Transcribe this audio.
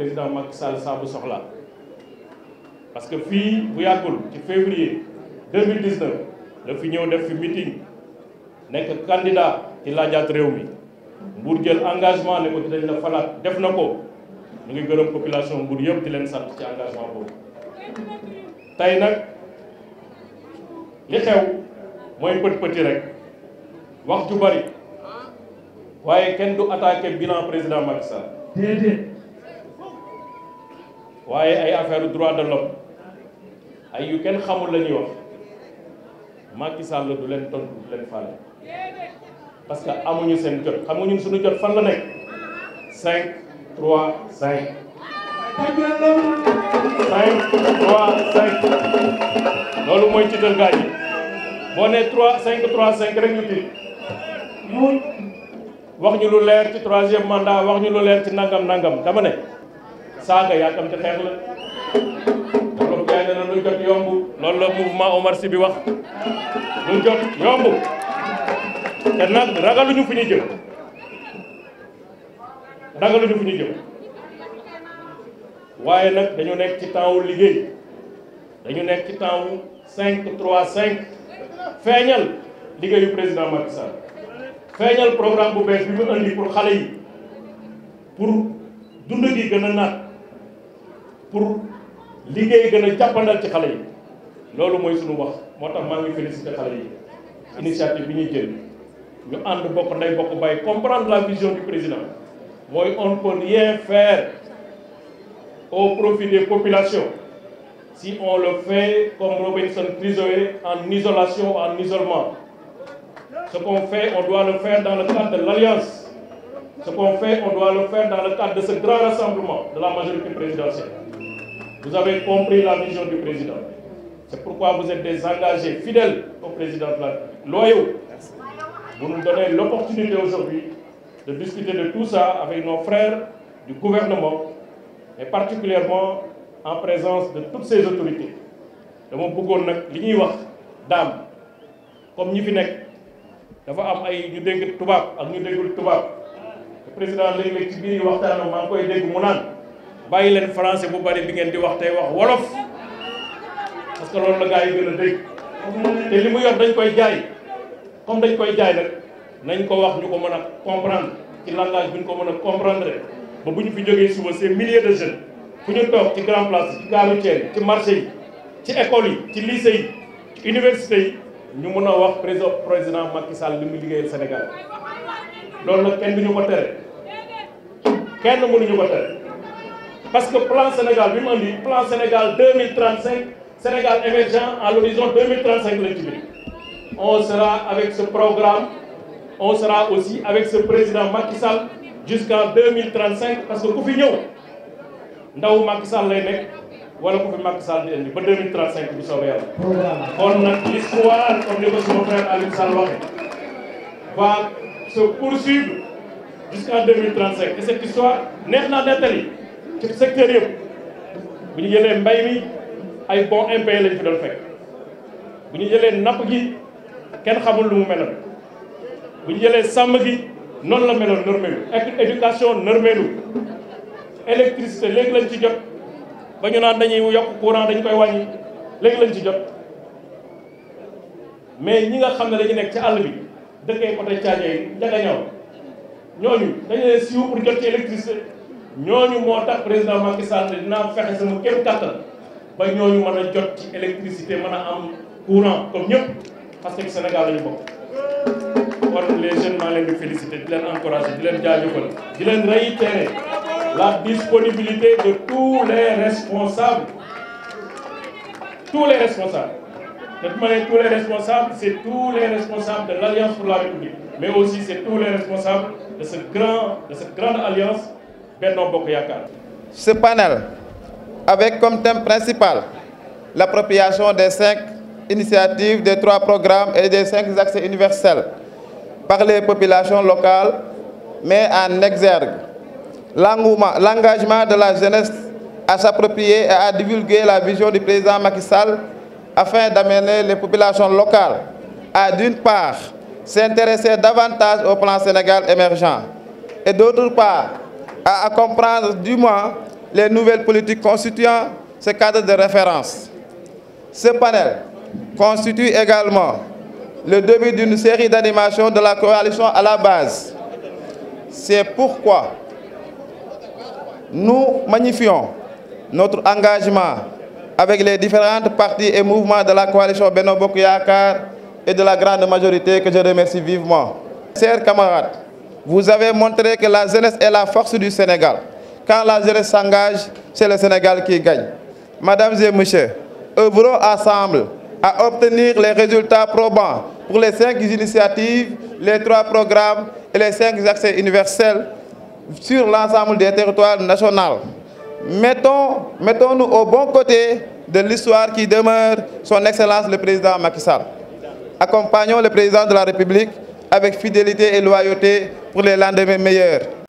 président Macky Sall sa bu soxla parce que fi bu yagul ci février 2019 la fi ñëw def fi meeting nek candidat ci la jatt rew mi Mbour jël engagement ne ko dañ la falat def nako ñu ngi gërëm population Mbour yëpp di leen sant ci engagement boobu tay nak li xew moy pët-pëti rek wax ju bari waye kenn du attaquer bilan président Macky Sall déedéet waaye ay affaire droit de l'homme ay yu kenn xamul la ñuy wax Macky Sall du leen tontu du leen fàlle parce que amuñu seen jot xam nga ñun suñu jot fan la nekk cinq trois cinq cinq trois cinq loolu mooy ci dël gaa yi boo ne trois cinq trois cinq rek ñu tiit wax ñu lu leer ci troisième mandat wax ñu lu leer ci nangam nangam dama ne saga ya tam ci xeex la loolu gay na lu jot yombu loolu la mouvement Omar sibi wax lu jot yombu te nag ragaluñu fu ñu jëm ragaluñu fu ñu jëm waye nak dañu nekk ci temps wu liggéey dañu nekk ci temps wu 5 3 5 feñal liggéeyu président Macky Sall feñal programme bu bëss bi mu andi pour xalé yi pour dund gi gëna a pour liguey gëna a ci xalé yi lolu moy suñu wax motax ma ngi initiative bi comprendre la vision du président on ne peut rien faire au profit des populations si on le fait comme Robinson Crusoe en isolation en isolement ce qu'on fait on doit le faire dans le cadre de l'alliance ce qu'on fait, on doit le faire dans le cadre de ce grand rassemblement de la majorité présidentielle. Vous avez compris la vision du président. C'est pourquoi vous êtes des engagés fidèles au président de la loyaux. Vous nous donnez l'opportunité aujourd'hui de discuter de tout ça avec nos frères du gouvernement et particulièrement en présence de toutes ces autorités. Je vous comme président léegi léeg ci biir waxtaanam maa ngi koy dégg mu naan bàyyi leen français bu bari bi ngeen di wax tey wax wolof parce que loolu la gaa yi gën a dégg te li mu yor dañ koy jaay comme dañ koy jaay nag nañ ko wax ñu ko mën a comprendre ci langage bu ñu ko mën a comprendre ba bu ñu fi jógee suba millier milliers de jeunes fu ñu toog ci grand place ci gare routière ci marché yi ci école yi ci lycée yi ci université yi ñu mën a wax président Macky Sall li Sénégal loolu nag kenn bi ko tere kenn mënuñu ko tere parce que plan Sénégal bi mu andi plan Sénégal 2035 Sénégal émergent à l'horizon 2035 on sera avec ce programme on sera aussi avec ce président Macky Sall jusqu'en 2035 parce que ku fi ñëw ndaw Macky Sall lay nekk wala ku fi Macky Sall di indi ba 2035 bu soobee yàlla kon nag l'histoire comme li ko suma frère Aliou se poursuivre jusqu'en 2035 et cette histoire soit naa nettali le secteur yëpp bu ñu mbay mi ay bon impayé lañ fi doon fekk pas ñu gi xamul lu mu la éducation normale. électricité lañ ci jot bañu dañuy yok courant dañ koy wañi lañ ci mais ñi nga xamné dañu nek ci dëkkee côté Thiadiaye Ndiaganiao ñooñu dañu leen siiw pour jot ci électricité ñooñu moo tax président Macky Sall dinaa fexe sama kéem kattan ba ñooñu mën a jot ci électricité mën a am courant comme ñëpp parce que Sénégal lañu bokk. kon les jeunes maa leen di féliciter di leen encourager di leen jaajëfal di leen réitérer la disponibilité de tous les responsables tous les responsables. tous les responsables, c'est tous les responsables de l'Alliance pour la République, mais aussi c'est tous les responsables de, ce grand, de cette grande alliance Bernard Bokoyakar. Ce panel, avec comme thème principal l'appropriation des cinq initiatives, des trois programmes et des cinq accès universels par les populations locales, mais en exergue. L'engagement de la jeunesse à s'approprier et à divulguer la vision du président Macky Sall afin d'amener les populations locales à, d'une part, s'intéresser davantage au plan Sénégal émergent et d'autre part, à comprendre du moins les nouvelles politiques constituant ce cadre de référence. Ce panel constitue également le début d'une série d'animations de la coalition à la base. C'est pourquoi nous magnifions notre engagement avec les différentes parties et mouvements de la coalition Beno Bokuyakar et de la grande majorité que je remercie vivement. Chers camarades, vous avez montré que la jeunesse est la force du Sénégal. Quand la jeunesse s'engage, c'est le Sénégal qui gagne. Mesdames et messieurs, œuvrons ensemble à obtenir les résultats probants pour les cinq initiatives, les trois programmes et les cinq accès universels sur l'ensemble des territoires nationaux mettons, mettons-nous au bon côté de l'histoire qui demeure son Excellence le Président Macky Sall. Accompagnons le Président de la République avec fidélité et loyauté pour les lendemains meilleurs.